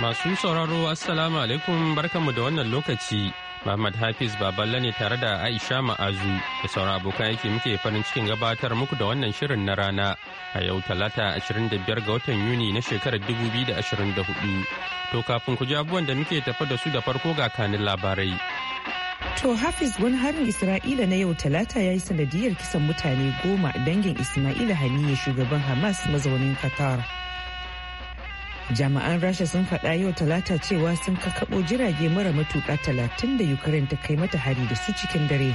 Masu sauraro Assalamu alaikum barkanmu da wannan lokaci. Muhammad Hafiz Baballe ne tare da Aisha Ma'azu da sauran abokan aiki muke farin cikin gabatar muku da wannan shirin na rana a yau talata 25 ga watan Yuni na shekarar 2024. To kafin ku ji abubuwan da muke tafa da su da farko ga kanin labarai. To Hafiz wani harin Isra'ila na yau talata ya yi sanadiyar kisan mutane goma dangin Ismaila Haniya shugaban Hamas mazaunin Qatar. jami'an rasha sun faɗa yau talata cewa sun kakaɓo jirage mara matuƙa talatin da ukraine ta kai mata hari da su cikin dare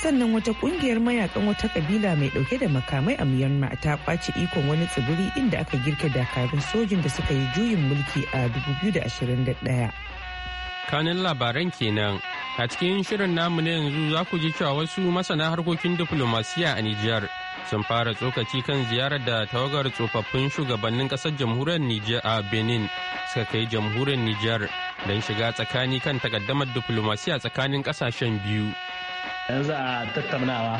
sannan wata ƙungiyar mayakan wata ƙabila mai ɗauke da makamai a myanmar ta kwace ikon wani tsibiri inda aka girke dakarun sojin da suka yi juyin mulki a 2021 kanin labaran kenan a cikin shirin namu na yanzu za ku ji cewa wasu masana harkokin diflomasiya a nijar sun fara tsokaci kan ziyarar da tawagar tsofaffin shugabannin kasar jamhuriyar Nijar a Benin suka kai jamhuriyar Nijar don shiga tsakani kan takaddamar diplomasiya tsakanin kasashen biyu. Yanzu a tattaunawa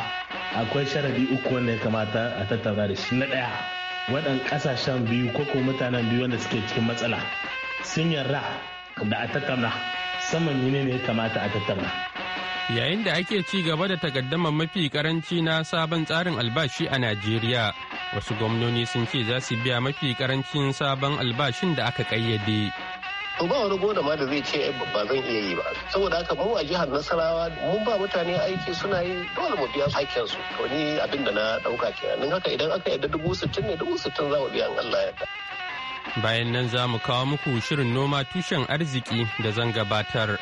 akwai sharadi uku wanda ya kamata a tattauna da shi na ɗaya waɗan kasashen biyu ko ko mutanen biyu wanda suke cikin matsala sun yarda da a tattauna saman ne ya kamata a tattauna. yayin da ake ci gaba da takaddama mafi karanci na sabon tsarin albashi a najeriya wasu gwamnoni sun ce za su biya mafi karancin sabon albashin da aka kayyade to ba wani gona ma da zai ce eh, ba zan iya yi ba saboda haka mu a jihar nasarawa mun ba mutane aiki suna yi dole mu biya hakkin su to ni abin da na dauka kenan don haka idan aka yadda dubu sittin ne dubu sittin za mu biya in Allah ya bayan nan za mu kawo muku shirin noma tushen arziki da zan gabatar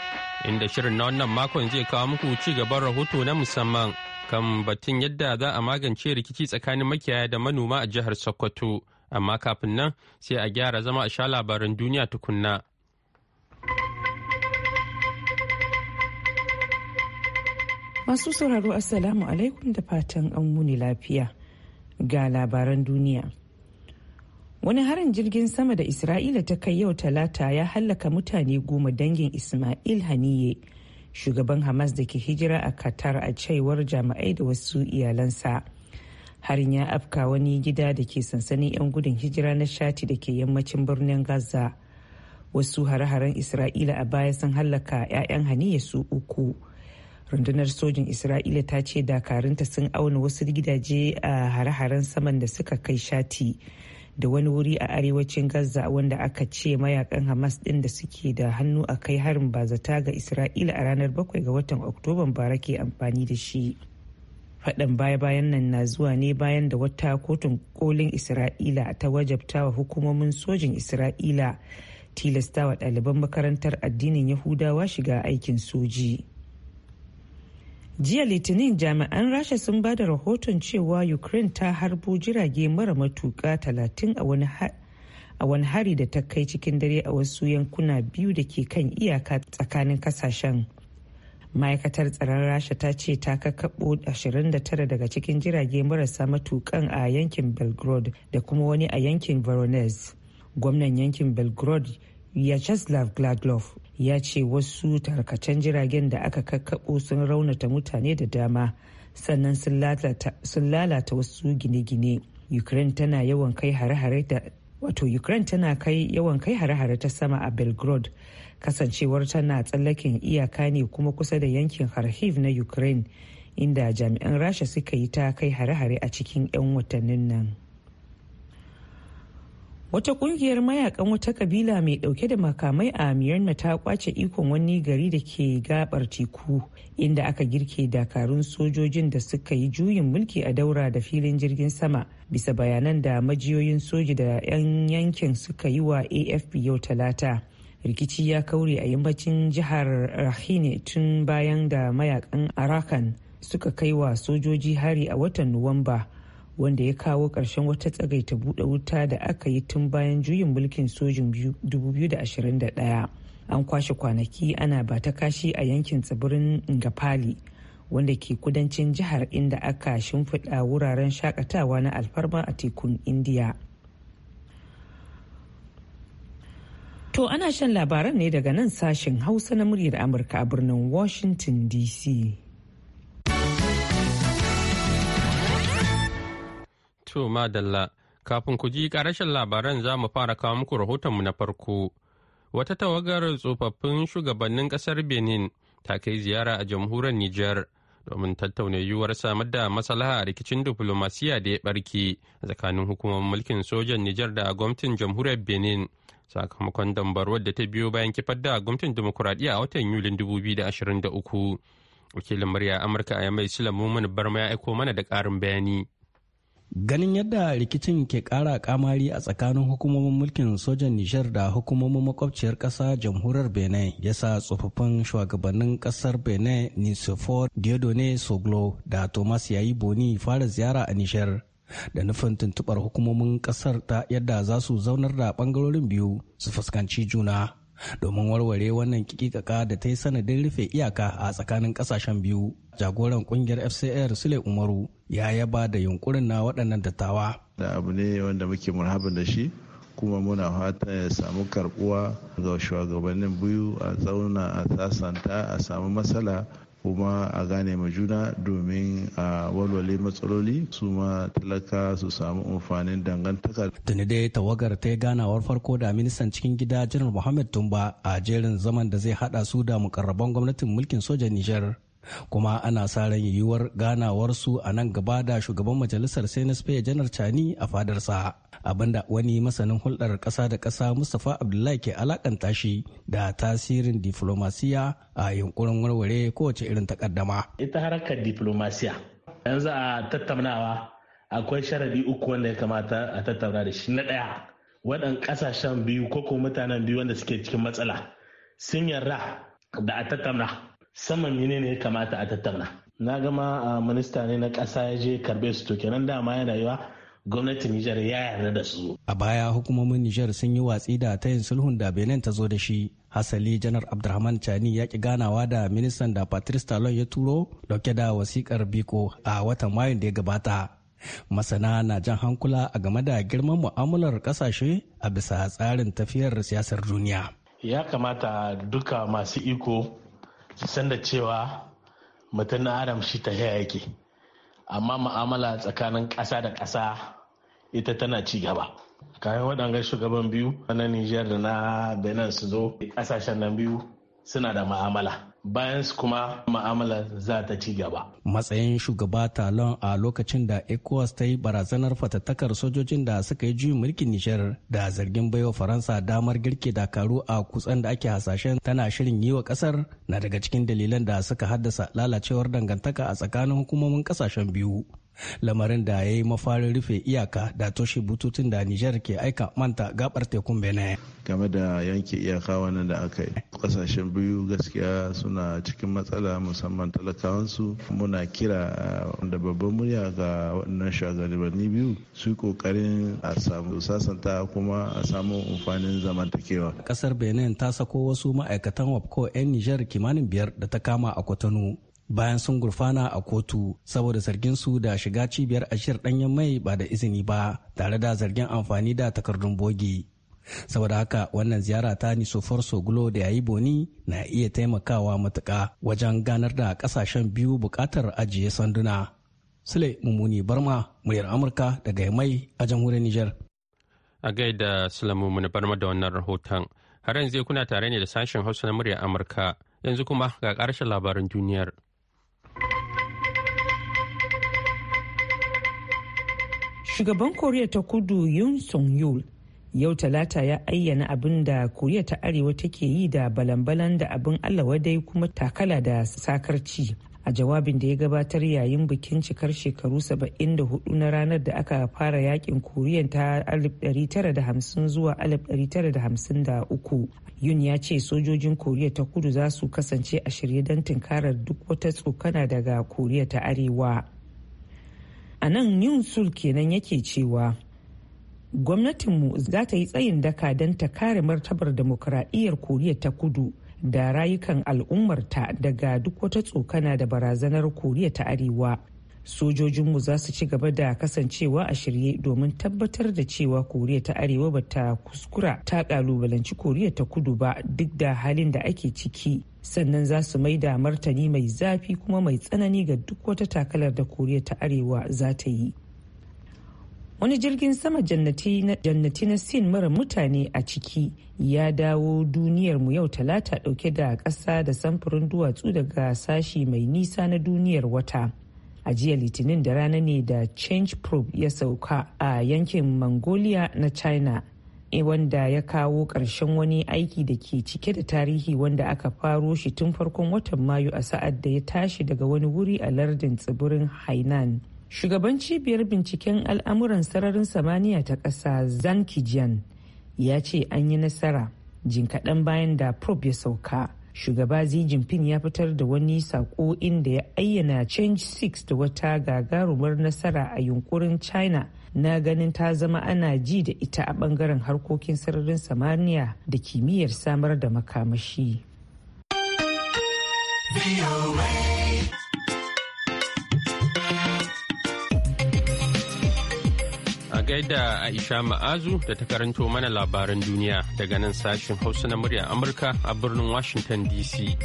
inda shirin na wannan makon zai kawo muku ci gaban rahoto na musamman kan batun yadda za a magance rikici tsakanin makiyaya da manoma a jihar Sokoto. Amma kafin nan sai a gyara zama a sha labaran duniya tukunna. Masu sauraro Assalamu alaikum da fatan an wuni lafiya ga labaran duniya. wani harin jirgin sama da isra'ila ta kai yau talata ya hallaka mutane goma dangin ismail haniye shugaban hamas da ke hijira a qatar a cewar jami'ai da wasu iyalansa harin ya afka wani gida da ke sansanin 'yan gudun hijira na shati da ke yammacin birnin gaza wasu hare-haren isra'ila a baya sun hallaka 'ya'yan haniya su uku rundunar sojin isra'ila ta ce dakarunta sun auna wasu gidaje a hare-haren saman da suka kai shati da wani wuri a arewacin gaza wanda aka ce mayakan hamas ɗin da suke da hannu a kai harin bazata ga isra'ila a ranar 7 ga watan oktoban bara ke amfani da shi faɗan baya-bayan nan na zuwa ne bayan da wata kotun kolin isra'ila ta wajabta wa hukumomin sojin isra'ila tilastawa ɗaliban makarantar addinin yahudawa shiga aikin soji. jiya litinin jami'an rasha sun ba da rahoton cewa ukraine ta harbo jirage mara matuka 30 a wani hari da ta kai cikin dare a wasu yankuna biyu da ke kan iyaka tsakanin kasashen ma'aikatar tsaron rasha ta ce ta kakabo 29 daga cikin jirage marasa matukan a yankin belgrade da kuma wani a yankin voronezh gwamnan yankin belgrade yacheslav gladlov ya ce wasu tarkacen jiragen da aka kakkaɓo sun raunata mutane da dama sannan sun lalata wasu gine-gine ukraine tana yawan kai hare-hare da wato ukraine tana kai yawan kai hare-hare ta sama a belgrade kasancewar tana tsallaken iyaka ne kuma kusa da yankin kharkiv na ukraine inda jami'an rasha suka yi ta kai hare-hare a cikin 'yan watannin nan. wata kungiyar mayakan wata kabila mai dauke da makamai a myanmar ta kwace ikon wani gari da ke gabar teku inda aka girke dakarun sojojin da suka yi juyin mulki a daura da filin jirgin sama bisa bayanan da majiyoyin soji da 'yan yankin suka yi wa afp yau talata rikici ya kaure a yammacin jihar rahine tun bayan da mayakan arakan suka kai wa sojoji hari a watan nuwamba wanda ya kawo ƙarshen wata tsagaita buɗe wuta da aka yi tun bayan juyin mulkin sojin 2021 an kwashe kwanaki ana ba ta kashi a yankin tsibirin ngapali wanda ke kudancin jihar inda aka shimfiɗa wuraren shakatawa na alfarma a tekun indiya to ana shan labaran ne daga nan sashen hausa na muryar amurka a birnin washington dc To madalla, kafin ku ji ƙarashin labaran za mu fara kawo muku rahotonmu na farko. Wata tawagar tsofaffin shugabannin kasar Benin ta kai ziyara a jamhuriyar Nijar domin tattauna yiwuwar samar da maslaha a rikicin diflomasiya da ya barke tsakanin hukumar mulkin sojan Nijar da gwamnatin jamhuriyar Benin sakamakon dambarwar da ta biyo bayan kifar da gwamnatin dimokuraɗiyya a watan yuli da uku Wakilin murya Amurka a yammai Yamai Sulamumin Barma ya aiko mana da ƙarin bayani. ganin yadda rikicin ke kara kamari a tsakanin hukumomin mulkin sojan nijar da hukumomin makwabciyar kasa jamhuriyar benin ya sa tsofaffin shugabannin kasar benin nisofor diodone soglo da thomas yayi boni fara ziyara a nijar da nufin tuntubar hukumomin kasar ta yadda za su zaunar da ɓangarorin biyu su fuskanci juna domin warware wannan kikikaka da ta yi sanadin rufe iyaka a tsakanin kasashen biyu jagoran kungiyar fcr sule umaru ya yaba da yunkurin na waɗannan dattawa da abu ne wanda muke murhaban da shi kuma muna fata ya samu karbuwa ga shugabannin biyu a zauna a sasanta a samu matsala kuma a gane ma juna domin a walwale matsaloli su ma talaka su samu amfanin dangantaka. Tuni dai tawagar ta yi ganawar farko da ministan cikin gida janar Muhammad Tumba a jerin zaman da zai hada su da mukarraban gwamnatin mulkin sojan Nijar. kuma ana sa ran yiwuwar ganawarsu a nan gaba da shugaban majalisar senate janar chani a fadarsa abinda wani masanin hulɗar ƙasa da ƙasa mustapha abdullahi ke alakanta shi da tasirin diflomasiya a yunkurin warware kowace irin takaddama ita harkar diflomasiya yanzu a tattaunawa akwai sharadi uku wanda ya kamata a tattauna da shi na ɗaya waɗan ƙasashen biyu ko mutanen biyu wanda suke cikin matsala sun yarda da a tattauna saman menene ya kamata a tattauna na gama minista ne na ƙasa ya je karbe su to kenan dama yana yiwa gwamnatin Nijar ya yarda da su. A baya hukumomin Nijar sun yi watsi da tayin sulhun da Benin ta zo da shi. Hasali Janar Abdurahman Chani ya ki ganawa da ministan da Patrice Talon ya turo dauke da wasikar Biko a watan Mayun da ya gabata. Masana na jan hankula a game da girman mu'amalar kasashe a bisa tsarin tafiyar siyasar duniya. Ya kamata duka masu iko ki san da cewa mutum na adam shi ta haya yake amma ma'amala tsakanin ƙasa da ƙasa ita tana ci gaba kayan waɗanga shugaban biyu na niger da na benin su zo ƙasashen nan biyu suna da ma'amala bayan su kuma ma'amala za ta ci gaba. Matsayin shugaba Talon a lokacin da ECOWAS ta yi barazanar fatattakar sojojin da suka yi juyin mulkin Nijar da zargin baiwa Faransa damar girke dakaru a kutsen da ake hasashen tana shirin yi wa kasar na daga cikin dalilan da suka haddasa lalacewar dangantaka a tsakanin hukumomin kasashen biyu. lamarin da ya yi mafarin rufe iyaka da toshe bututun da nijar ke aika manta gabar tekun benin game da yanke iyaka wannan da aka yi kasashen biyu gaskiya suna cikin matsala musamman talakawansu muna kira uh, da babban murya ga waɗannan shugabanni biyu su kokarin a samu sasanta kuma a samu amfanin zamantakewa Ƙasar benin ta sako wasu ma'aikatan wapco 'yan nijar kimanin biyar da ta kama a kwatano bayan sun gurfana a kotu saboda zargin su da shiga cibiyar ashir danyen mai ba da izini ba tare da zargin amfani da takardun bogi saboda haka wannan ziyara ta nisofar sogulo da yayi boni na iya taimakawa matuka wajen ganar da kasashen biyu bukatar ajiye sanduna sule mummuni barma muryar amurka daga mai a jamhuriyar niger a gaida sule mummuni barma da wannan rahoton har yanzu kuna tare ne da sashen hausa na muryar amurka yanzu kuma ga ƙarshen labarin duniyar. shugaban koriya ta kudu yun song yul yau talata ya ayyana abin da koriya ta arewa take yi da balan-balan da abin allawa dai kuma takala da sakarci a jawabin da ya gabatar yayin bikin cikar shekaru 74 na ranar da aka fara yakin koriya ta 1950 zuwa 1953 yun ya ce sojojin koriya ta kudu za su kasance a shirye don tunkarar duk wata tsokana daga koriya ta arewa a nan yin sul kenan yake cewa gwamnatinmu za ta yi tsayin daka don ta kare martabar demokuraɗiyyar koriya ta kudu da rayukan al'ummarta daga duk wata tsokana da barazanar koriya ta arewa sojojinmu za su ci gaba da kasancewa a shirye domin tabbatar da cewa koriya ta arewa ba ta kuskura ta kalubalanci koriya ta kudu ba duk da halin da ake ciki sannan za su mai da martani mai zafi kuma mai tsanani ga duk wata takalar da koriya ta arewa za ta yi wani jirgin sama jannati na sin mara mutane a ciki ya dawo duniyarmu yau talata dauke da ƙasa da samfurin duwatsu daga sashi mai nisa na duniyar wata a jiya litinin da rana ne da change probe ya sauka a yankin mongolia na china wanda ya kawo ƙarshen wani aiki da ke cike da tarihi wanda aka faro shi tun farkon watan mayu a sa'ad da ya tashi daga wani wuri a lardin tsibirin hainan shugaban cibiyar binciken al'amuran sararin samaniya ta ƙasa zan kijian ya ce an yi nasara jin kaɗan bayan da probe ya sauka shugaba Xi Jinping ya fitar da wani sako inda ya ayyana Change 6 da wata gagarumar nasara a yunkurin China na ganin ta zama ana ji da ita a bangaren harkokin sararin samaniya da kimiyyar samar da makamashi. A gaida Aisha Ma'azu da ta karanto mana labaran duniya daga nan sashen Hausa na muryar Amurka a birnin Washington DC.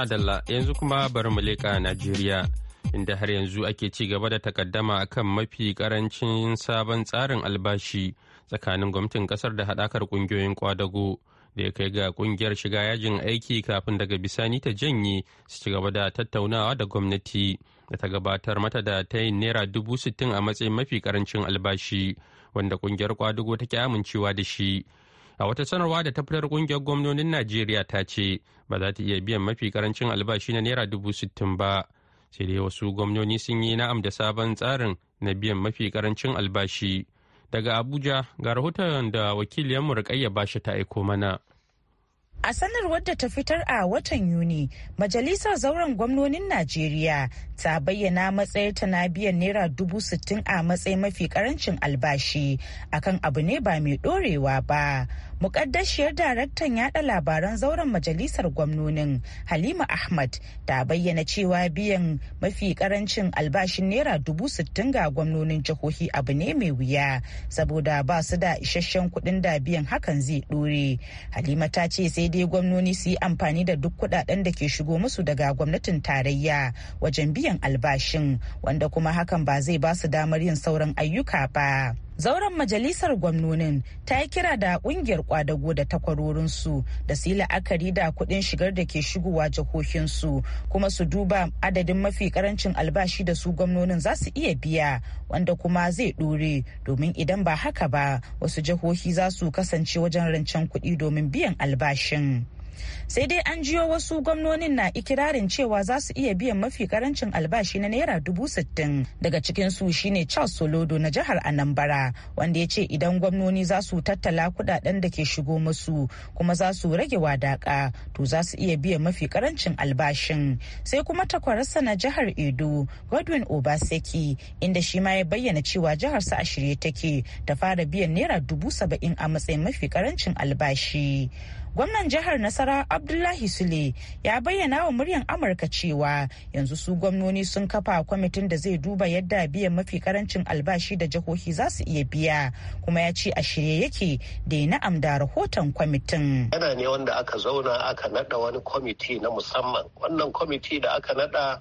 Madalla yanzu kuma bari mu leƙa Najeriya inda har yanzu ake ci gaba da takaddama kan mafi karancin sabon tsarin albashi tsakanin gwamnatin kasar da haɗakar ƙungiyoyin kwadago da ya kai ga ƙungiyar shiga yajin aiki kafin daga bisani ta janye su ci gaba da tattaunawa da gwamnati da ta gabatar mata da ta yin naira dubu sittin a matsayin mafi karancin albashi wanda ƙungiyar kwadago take amincewa da shi a wata sanarwa da ta fitar kungiyar gwamnonin najeriya ta ce ba za ta iya biyan mafi karancin albashi na naira dubu sittin ba sai dai wasu gwamnoni sun yi na'am da sabon tsarin na biyan mafi karancin albashi daga abuja ga rahoton da wakiliyanmu ba shi ta aiko mana A sanarwar da ta fitar a watan Yuni, Majalisar Zauren Gwamnonin Najeriya ta bayyana matsayar ta na biyan Naira dubu sittin a matsayin mafi karancin albashi akan abu ne ba mai dorewa ba. mukaddashiyar daraktan yada labaran zauren majalisar gwamnonin halima ahmad ta bayyana cewa biyan mafi karancin albashin naira dubu sittin ga gwamnonin jihohi abu ne mai wuya saboda ba su da isasshen kuɗin da biyan hakan zai ɗore halima ta ce sai dai gwamnoni su yi amfani da duk kuɗaɗen da ke shigo musu daga gwamnatin tarayya wajen biyan albashin wanda kuma hakan ba zai ba su damar yin sauran ayyuka ba. zauren majalisar gwamnonin ta yi kira da kungiyar kwadago da takwarorinsu da su yi la'akari da kuɗin shigar da ke shigowa jihohinsu kuma su duba adadin mafi karancin albashi da su gwamnonin za su iya biya wanda kuma zai ɗore domin idan ba haka ba wasu jihohi za su kasance wajen rancen kuɗi domin biyan albashin. sai dai an jiyo wasu gwamnonin na ikirarin cewa za su iya biyan mafi karancin albashi na naira dubu sittin daga cikinsu shine charles solodo na jihar anambara wanda ya ce idan gwamnoni za su tattala kudaden da ke shigo musu kuma za su rage wadaka to za su iya biyan mafi karancin albashin sai kuma takwararsa na jihar edo godwin obaseki inda shi ma ya bayyana cewa jihar sa a shirye take ta fara biyan naira dubu saba'in a matsayin mafi karancin albashi gwamnan jihar nasara abdullahi sule ya bayyana wa muryan amurka cewa yanzu su gwamnoni sun kafa kwamitin da zai duba yadda biyan mafi karancin albashi da jihohi za su iya biya kuma ya ce a shirye yake da ya na'am da rahoton kwamitin yana ne wanda aka zauna aka nada wani kwamiti na musamman wannan kwamiti da aka nada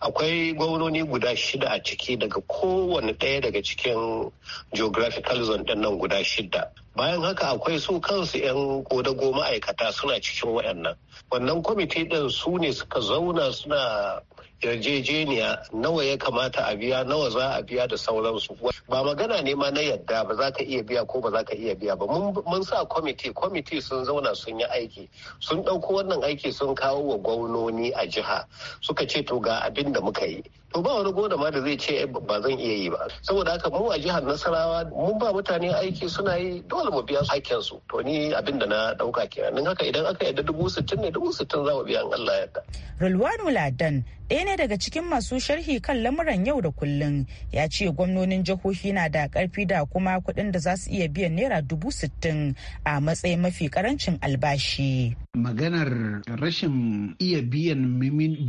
akwai gwamnoni guda shida a ciki daga kowane ɗaya daga cikin geographical zone ɗin nan guda shida bayan haka akwai su kansu 'yan kodago ma'aikata suna cikin waɗannan wannan kwamiti ɗin su ne suka zauna suna yarjejeniya nawa ya kamata a biya nawa za a biya da sauransu ba magana ne ma na yadda ba za ka iya biya ko ba za ka iya biya ba mun sa kwamiti kwamiti sun zauna sun yi aiki sun ɗauko wannan aiki sun kawo wa gwamnoni a jiha suka ce to ga abin da muka yi to ba wani gona ma da zai ce eh, ba zan iya yi ba saboda haka mu a jihar nasarawa mun ba mutane aiki suna yi dole mu biya hakkin su to ni abin da na dauka kenan haka idan aka yadda dubu sittin ne dubu sittin za mu biya in Allah yadda. Rulwanu Ladan ɗaya ne daga cikin masu sharhi kan lamuran yau da kullun ya ce gwamnonin jihohi na da karfi da kuma kuɗin da za su iya biyan naira dubu sittin a matsayin mafi karancin albashi. maganar rashin iya biyan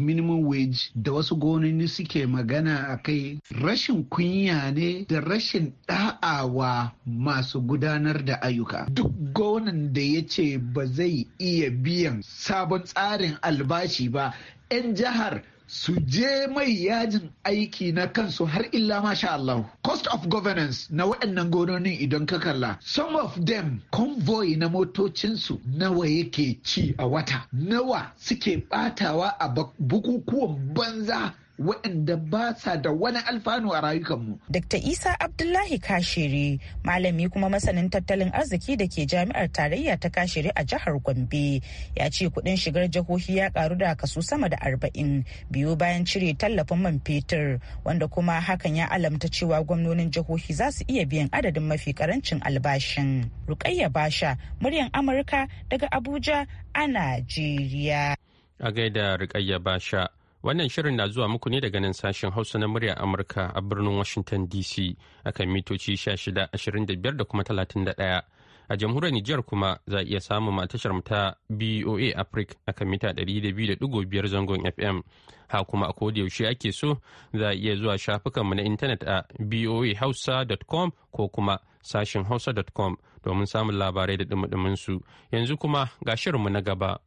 minimum wage da wasu gwamnoni suke magana a kai rashin kunya ne da rashin ɗa'awa masu gudanar da ayyuka duk gonan da ya ce ba zai iya biyan sabon tsarin albashi ba 'yan jihar su je mai yajin aiki na kansu har illa masha Allah. Cost of governance na waɗannan gononin idan ka kalla. Some of them convoy na motocinsu nawa yake ci a wata. Nawa suke batawa a bukukuwan banza waɗanda ba sa da wani alfanu a rayukanmu. Dr. Isa Abdullahi Kashiri, malami kuma masanin tattalin arziki da ke jami'ar tarayya ta Kashiri a jihar Gombe, ya ce kuɗin shigar jihohi ya karu da kaso sama da arba'in biyu bayan cire tallafin man fetur, wanda kuma hakan ya alamta cewa gwamnonin jihohi za su iya biyan adadin mafi karancin albashin. Rukayya Basha, muryan Amurka daga Abuja a Najeriya. A gaida Rukayya Basha. Wannan shirin na zuwa muku ne daga nan sashen Hausa na murya Amurka a birnin Washington DC akan mitoci 1625 da kuma 31. A jamhuriyar Nijar kuma za a iya samun matashar ta BOA Africa akan mita 200.5 zangon FM. Ha kuma a yaushe ake so za a iya zuwa shafukanmu na intanet a boahausa.com ko kuma sashen hausa.com domin samun labarai da dumudumin su. Yanzu kuma ga shirinmu na gaba.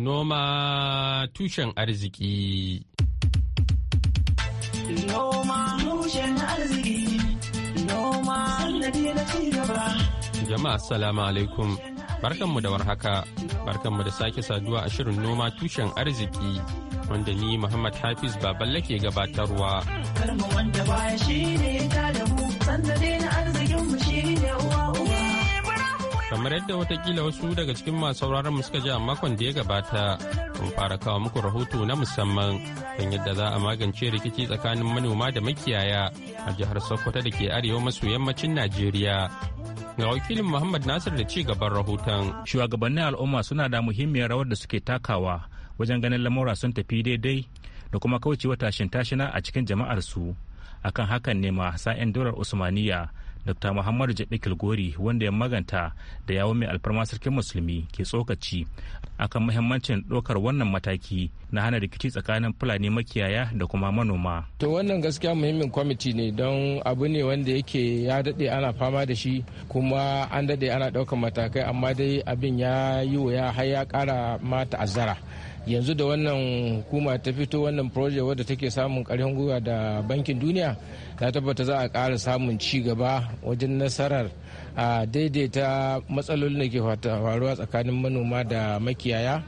Noma tushen arziki. Noma tushen arziki. Noma sannadi Jama'a salamu alaikum. Barkanmu da warhaka. Barkanmu da sake saduwa a shirin noma tushen arziki. Wanda ni Muhammad Hafiz Baballe ke gabatarwa. Karmu wanda baya shi ne ta da mu, sannadi na arzikinmu shi ne uwa kamar yadda watakila wasu daga cikin masu sauraron mu suka ji a makon da ya gabata mun fara kawo muku rahoto na musamman kan yadda za a magance rikici tsakanin manoma da makiyaya a jihar sokoto da ke arewa maso yammacin najeriya ga wakilin muhammad nasir da ci gaban rahoton shugabannin al'umma suna da muhimmiyar rawar da suke takawa wajen ganin lamura sun tafi daidai da kuma kaucewa tashin tashina a cikin jama'ar su akan hakan ne ma sa'in dolar usmaniya dr muhammadu jabi kilgori wanda ya maganta da yawon mai alfarma sarkin musulmi ke tsokaci akan muhimmancin ɗaukar wannan mataki na hana rikici tsakanin fulani makiyaya da kuma manoma to wannan gaskiya muhimmin kwamiti ne don abu ne wanda yake ya daɗe ana fama da shi kuma an daɗe ana ɗaukar matakai amma dai abin ya yi wuya har ya ƙara ma ta'azzara yanzu da wannan hukuma ta fito wannan project wadda take samun ƙarfin gwiwa da bankin duniya ta tabbata za a ƙara samun ci gaba wajen nasarar a daidaita matsalolin da ke faruwa tsakanin manoma da makiyaya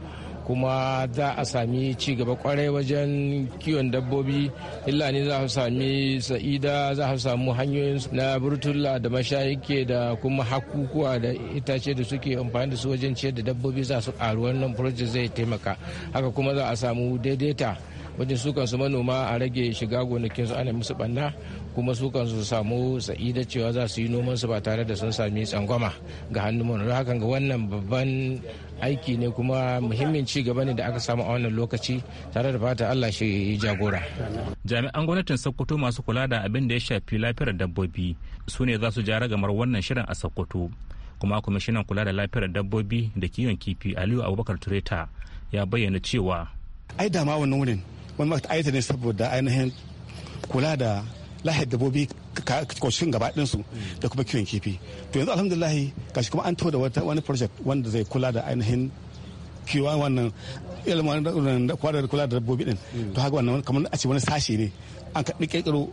kuma za a sami ci gaba kwarai wajen kiwon dabbobi illa ne za a sami sa'ida za a samu hanyoyin na burtula da mashayike da kuma hakukuwa da itace da suke amfani da su wajen ciyar da dabbobi za su karu wannan project zai taimaka haka kuma za a samu daidaita wajen su manoma a rage shiga gonakin su ana musu banna kuma su kansu su samu da cewa za su yi noman su ba tare da sun sami tsangwama ga hannun manoma hakan ga wannan babban aiki ne kuma muhimmin ci gaba ne da aka samu a wannan lokaci tare da fata Allah shi jagora. Jami'an gwamnatin Sokoto masu kula da abin da ya shafi lafiyar dabbobi su ne za su ja gamar wannan shirin a Sokoto. Kuma kwamishinan kula da lafiyar dabbobi da kiwon kifi Aliyu Abubakar Tureta ya bayyana cewa. Ai dama wannan wurin wani ta ne saboda ainihin kula da lahiyar dabbobi koshin gaba su da kuma kiwon kifi to yanzu alhamdulillah gashi kuma an da wani project wanda zai kula da ainihin kiwon wannan ilimin da kula da dabbobi din to haka wannan kamar a ce wani sashi ne an kaɗi ƙirƙiro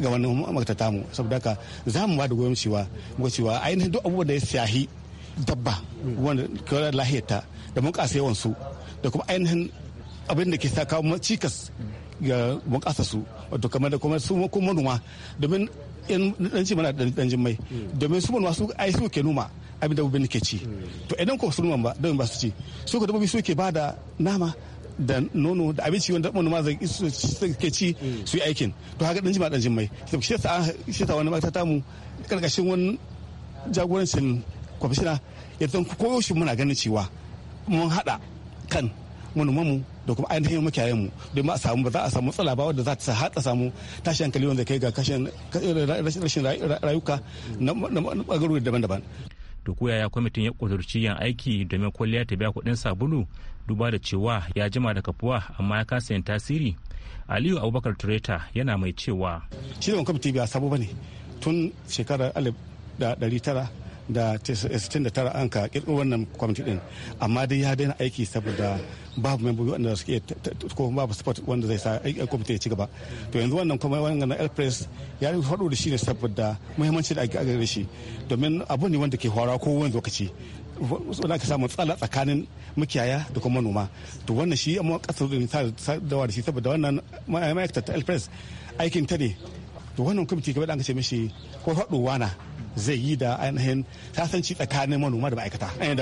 ga wannan makata tamu saboda haka za mu ba da goyon cewa muka cewa ainihin duk abubuwan da ya shahi dabba wanda kula da lahiyarta da kasa yawan su da kuma ainihin abin da ke sa kawo cikas ga bunƙasa su wato kamar da kuma su kuma manoma domin yan dan ci mana dan jin mai domin su manoma su ai su ke noma abin dabbobin ke ci to idan ko su noma ba don ba su ci su ka dabbobi su ke ba da nama da nono da abinci wanda manoma zai ke ci su yi aikin to haka dan ma dan jin mai shi ta shi ta wani mata mu karkashin wani jagorancin kwamishina ya zan koyo shi muna ganin cewa mun hada kan manoman mu da kuma ainihin makiyayen mu domin a samu ba za a samu matsala ba wadda za ta har samu tashi hankali wanda kai ga kashin rashin rayuka na bangarori daban-daban to ko yaya kwamitin ya kudurci yan aiki domin kwalliya ta biya kuɗin sabulu duba da cewa ya jima da kafuwa amma ya kasa yin tasiri aliyu abubakar tureta yana mai cewa ciwon kwamitin biya ba ne tun shekarar alif da ɗari tara da 69 an ka kirkiro wannan kwamiti din amma dai ya daina aiki saboda babu membobi wanda suke ko babu support wanda zai sa aikin kwamiti ya ci gaba to yanzu wannan kuma wannan na press ya yi faɗo da shi ne saboda muhimmanci da ake gare shi domin abu ne wanda ke hwara ko wani lokaci wanda aka samu tsala tsakanin makiyaya da kuma manoma to wannan shi amma kasar da ta dawa da shi saboda wannan ma'aikata ta elpress aikin ta ne to wannan kwamiti gaba da an ce mishi ko faɗowa na zai yi da ainihin sasanci tsakanin manoma da ma'aikata eh,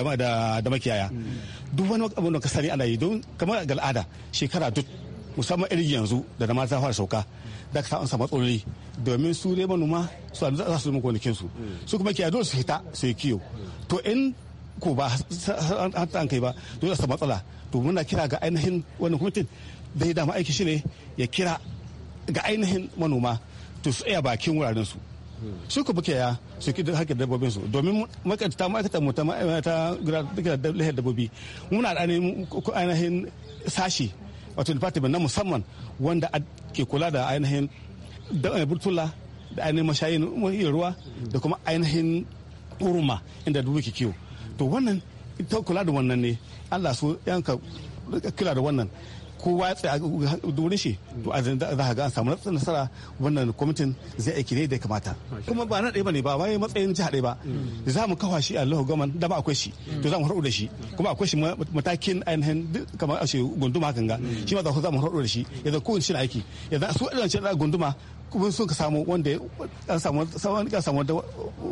da makiyaya duk wani abin da ka sani ana yi don kamar ga al'ada shekara duk musamman irin yanzu da da mata fara sauka da ka samu matsaloli domin su ne manoma su za su zama gonakin su su kuma kiyaye dole su hita su yi kiyo to in ko ba an kai ba dole su matsala to muna kira ga ainihin wannan kwamitin da ya dama aiki shine ya kira ga ainihin manoma to su tsaya bakin wuraren su su ku buke ya su ki hakkin dabbobin su domin makarta ma'aikata mu ta ma'aikata gudanar da lahiyar dabbobi muna da ainihin sashi wato department na musamman wanda ke kula da ainihin eh, burtula da ainihin mashayin ruwa da kuma ainihin uruma inda dubu ke kiwo to wannan ita kula da wannan ne allah su yanka kula da wannan kowa ya a wurin shi to a za ka ga an samu nasara wannan kwamitin zai aiki ne da kamata kuma ba na ɗaya bane ba wai matsayin jiha ɗaya ba mm. za mu kawa shi a lahu gaman da ba akwai shi to za mu haɗu da shi kuma akwai shi matakin ainihin kamar a ce gunduma hakan ga mm. shi ma za mu haɗu da shi yadda kowace shi na aiki yadda su ɗan gunduma kuma sun ka samu wanda ya samu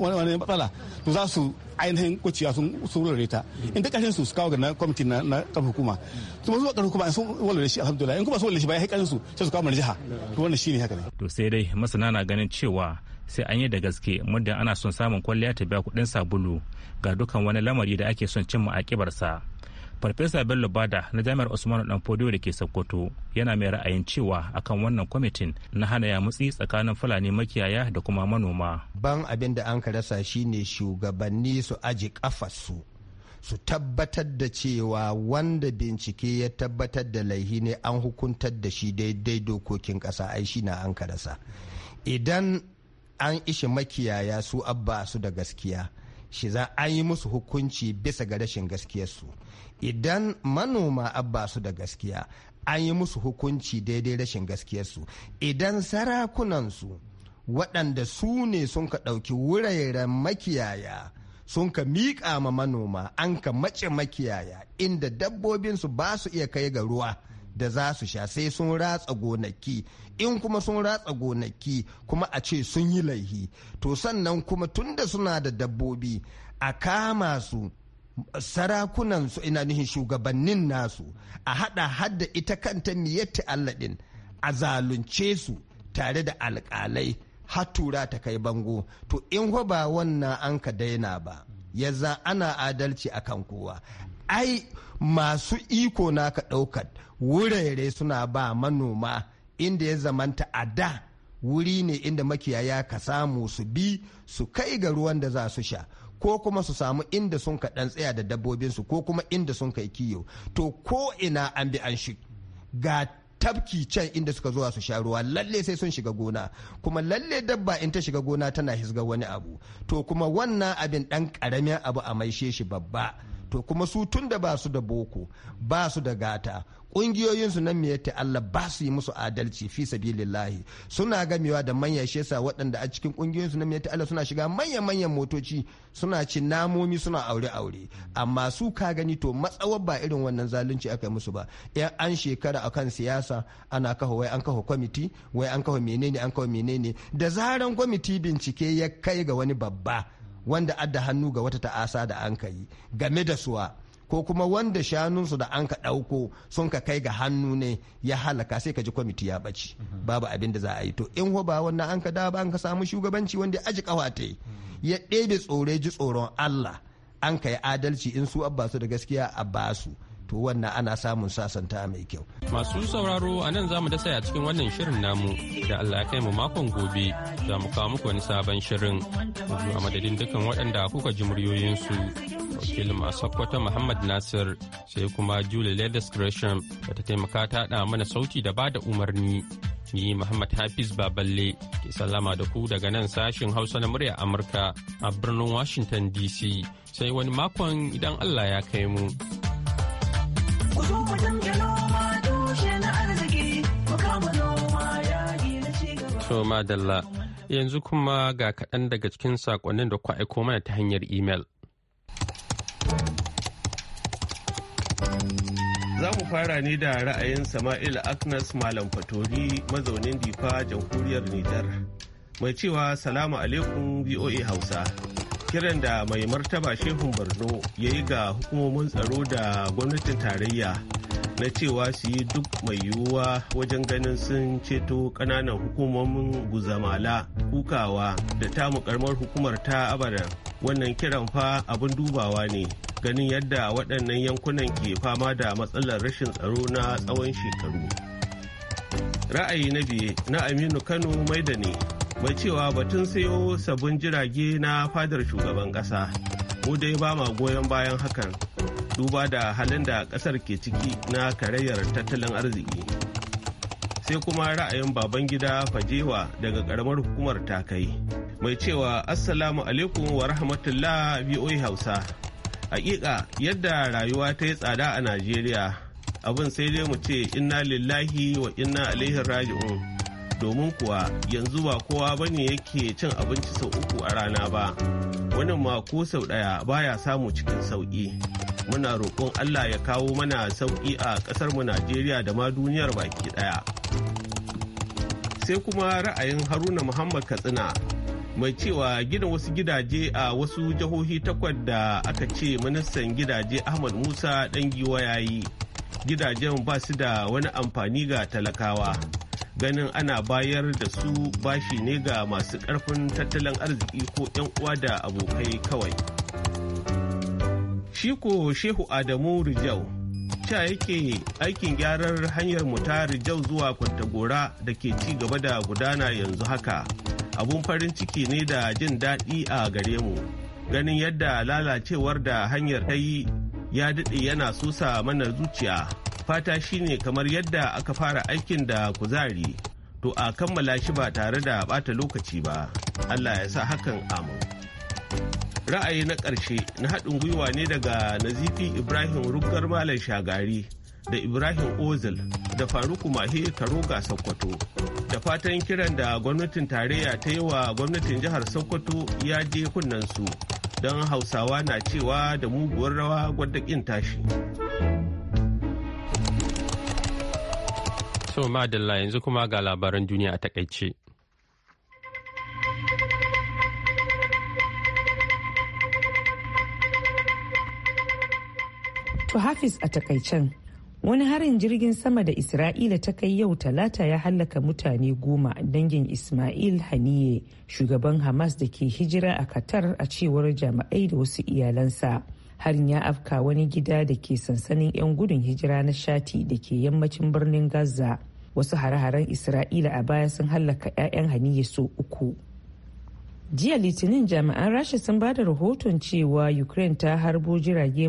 wani matsala to za su ainihin kuciya sun wulare ta in duk ƙarshen su su kawo ga na kwamiti na ƙarfi hukuma su zuwa ƙarfi hukuma sun da shi alhamdulillah in kuma sun da shi ba ya haƙarin su sai su kawo mana jiha to wannan shine haka ne to sai dai masana na ganin cewa sai an yi da gaske muddin ana son samun kwalliya ta biya kuɗin sabulu ga dukkan wani lamari da ake son cimma a kibarsa farfesa bello bada na jami'ar usman danfodiyo da ke sokoto yana mai ra'ayin cewa akan wannan kwamitin na hana ya mutsi tsakanin fulani makiyaya da kuma manoma ban abin da an ka rasa shine shugabanni su aji kafasu su tabbatar da cewa wanda bincike ya tabbatar da laihi ne an hukuntar da shi daidai dokokin ƙasa ai shi na an rasa idan an ishe makiyaya su abba su da gaskiya shi za an yi musu hukunci bisa ga rashin gaskiyarsu idan manoma abba su da gaskiya an yi musu hukunci daidai rashin gaskiyarsu idan sarakunansu waɗanda su ne sun ka ɗauki wuraren makiyaya sun ka miƙa ma manoma an ka mace makiyaya inda dabbobinsu ba su iya kai ga ruwa da za su sha sai sun ratsa gonaki in kuma sun ratsa gonaki kuma a ce sun yi laihi to sannan kuma tunda suna da dabbobi a kama su sarakunan su ina nihin shugabannin nasu a hada hadda ita kanta miyatti Allah din a zalunce su tare da alkalai har tura ta kai bango to in ho ba wannan an ka daina ba ya za ana adalci akan kowa ai masu iko na ka ɗaukar wurare suna ba manoma inda ya zamanta a da wuri ne inda makiyaya ka samu su bi su kai ga ruwan da za su sha ko kuma su samu inda sun ka dan tsaya da dabbobinsu ko kuma inda sun kai kiyo to ko ina an bi an shi ga tafki can inda suka zuwa su sha ruwa lalle sai sun shiga gona kuma lalle dabba in ta shiga gona tana hisga wani abu to kuma wannan abin dan karamin abu a maishe shi babba to kuma su tun da ba su da boko ba su da gata ƙungiyoyinsu na miyatti Allah ba su yi musu adalci fi sabilillahi suna gamewa da manyan shesa waɗanda a cikin ƙungiyoyinsu na miyatti Allah suna shiga manyan manyan motoci suna ci namomi suna aure aure amma su ka gani to matsawar ba irin wannan zalunci aka yi musu ba yan an shekara akan siyasa ana kawo wai an kawo kwamiti wai an kawo menene an kawo menene da zaran kwamiti bincike ya kai ga wani babba wanda adda hannu ga wata ta'asa da an yi game da suwa ko kuma wanda shanunsu da an ka ɗauko sun ka kai ga hannu ne ya halaka sai ka ji kwamiti ya ɓaci mhm. babu abin da za a yi to in ba wannan an ka daba an ka samu shugabanci wanda ya aji kawata mhm. ya ɗebe tsore ji tsoron Allah an ka yi adalci in su Abba su da gaskiya a basu to wannan ana samun sasanta mai kyau. Masu sauraro a nan za mu dasa a cikin wannan shirin namu da Allah ya kai mu makon gobe za mu kawo muku wani sabon shirin a madadin dukkan waɗanda kuka ji muryoyinsu. Wakilin a Sokoto Muhammad Nasir sai kuma Julie Ledes Gresham da ta taimaka ta ɗa mana sauti da ba da umarni. Ni Muhammad Hafiz Baballe ke sallama da ku daga nan sashin Hausa na murya Amurka a birnin Washington DC sai wani makon idan Allah ya kai mu. To madalla yanzu kuma ga kaɗan daga cikin saƙonnin da ku aiko mana ta hanyar imel. Za mu fara ne da ra'ayin Sama'il Agnes Malam Fatori mazaunin Difa jamhuriyar Nijar. Mai cewa salamu alaikum voa Hausa. kiran da mai martaba shehun borno ya yi ga hukumomin tsaro da gwamnatin tarayya na cewa su yi duk mai yiwuwa wajen ganin sun ceto kananan hukumomin guzamala kukawa da tamu karamar hukumar ta abada wannan kiran fa abin dubawa ne ganin yadda waɗannan yankunan ke fama da matsalar rashin tsaro na tsawon shekaru ra'ayi na biye na aminu kano maida ne mai cewa batun sayo sabon jirage na fadar shugaban kasa mu dai ba ma goyon bayan hakan duba da halin da kasar ke ciki na karayyar tattalin arziki sai kuma ra'ayin baban gida fajewa daga karamar hukumar ta kai. mai cewa assalamu alaikum wa rahmatullah voa hausa hakika yadda rayuwa ta yi tsada a najeriya abin sai dai mu ce inna lillahi wa inna alaihi raji'un domin kuwa yanzu ba kowa ba ne yake cin abinci sau uku a rana ba wani ma ko sau ɗaya baya samu cikin sauƙi muna roƙon allah ya kawo mana sauƙi a ƙasarmu najeriya da ma duniyar baki ɗaya sai kuma ra'ayin haruna muhammad katsina mai cewa gina wasu gidaje a wasu jihohi takwas da aka ce ministan gidaje ahmad musa ɗan giwa yayi gidajen ba su da wani amfani ga talakawa ganin ana bayar da su bashi ne ga masu ƙarfin tattalin arziki ko 'yan uwa da abokai kawai. Shiko Shehu Adamu Rijau, sha yake aikin gyarar hanyar Muta Rijau zuwa Kwantagora da ke ci gaba da gudana yanzu haka. Abun farin ciki ne da jin daɗi a gare mu. Ganin yadda lalacewar da hanyar ta yi ya daɗe yana susa mana zuciya. fata shine kamar yadda aka fara aikin da kuzari to a kammala shi ba tare da bata lokaci ba allah ya sa hakan amu ra'ayi na ƙarshe na haɗin gwiwa ne daga nazifi ibrahim rugar malam shagari da ibrahim ozil da faruku mahe Taroga sokoto da fatan kiran da gwamnatin tarayya ta yi wa gwamnatin jihar sokoto ya je kunnensu don hausawa na cewa da muguwar rawa gwadakin tashi So madalla yanzu kuma ga labaran duniya a takaice. To Hafiz a takaicen wani harin jirgin sama da Isra'ila ta kai yau talata ya hallaka mutane goma dangin Ismail Haniye shugaban Hamas da ke hijira a Qatar a cewar jami'ai da wasu iyalansa. harin ya afka wani gida da ke sansanin 'yan gudun hijira na shati da ke yammacin birnin gaza wasu hare-haren isra'ila a baya sun hallaka 'ya'yan haniye so uku jiya litinin jami'an rasha sun ba da rahoton cewa ukraine ta harbo jirage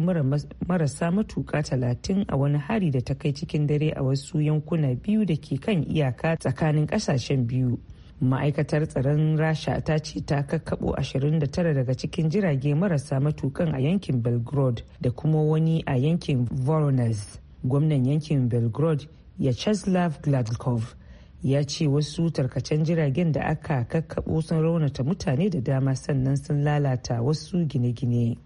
marasa matuka talatin a wani hari da ta kai cikin dare a wasu yankuna biyu da ke kan iyaka tsakanin kasashen biyu ma'aikatar tsaron rasha ta ce ta kakkabo 29 daga cikin jirage marasa matukan a yankin belgrade da kuma wani a yankin voronezh gwamnan yankin belgrade yacheslav gladkov ya ce wasu tarkacen jiragen da aka kakkabo sun raunata mutane da dama sannan sun lalata wasu gine-gine.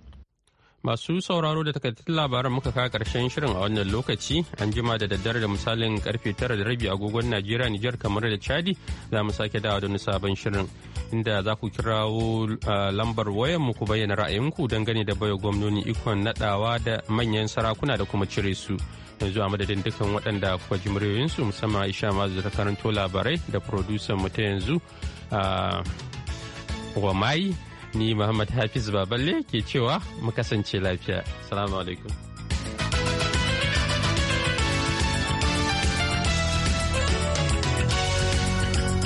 Masu sauraro da takaitattun labaran muka kawo karshen shirin a wannan lokaci an jima da daddare da misalin karfe tara da rabi agogon Najeriya Nijar kamar da Chadi za mu sake dawa da wani sabon shirin inda za ku kirawo lambar wayan mu ku bayyana ra'ayinku dangane da baiwa gwamnoni ikon nadawa da manyan sarakuna da kuma cire su. Yanzu a madadin dukkan waɗanda kuka ji muryoyinsu musamman Aisha Mazu ta karanto labarai da producer mu ta yanzu. mai. ni Muhammad Hafiz Baballe ke cewa mu kasance lafiya. Salamu alaikum.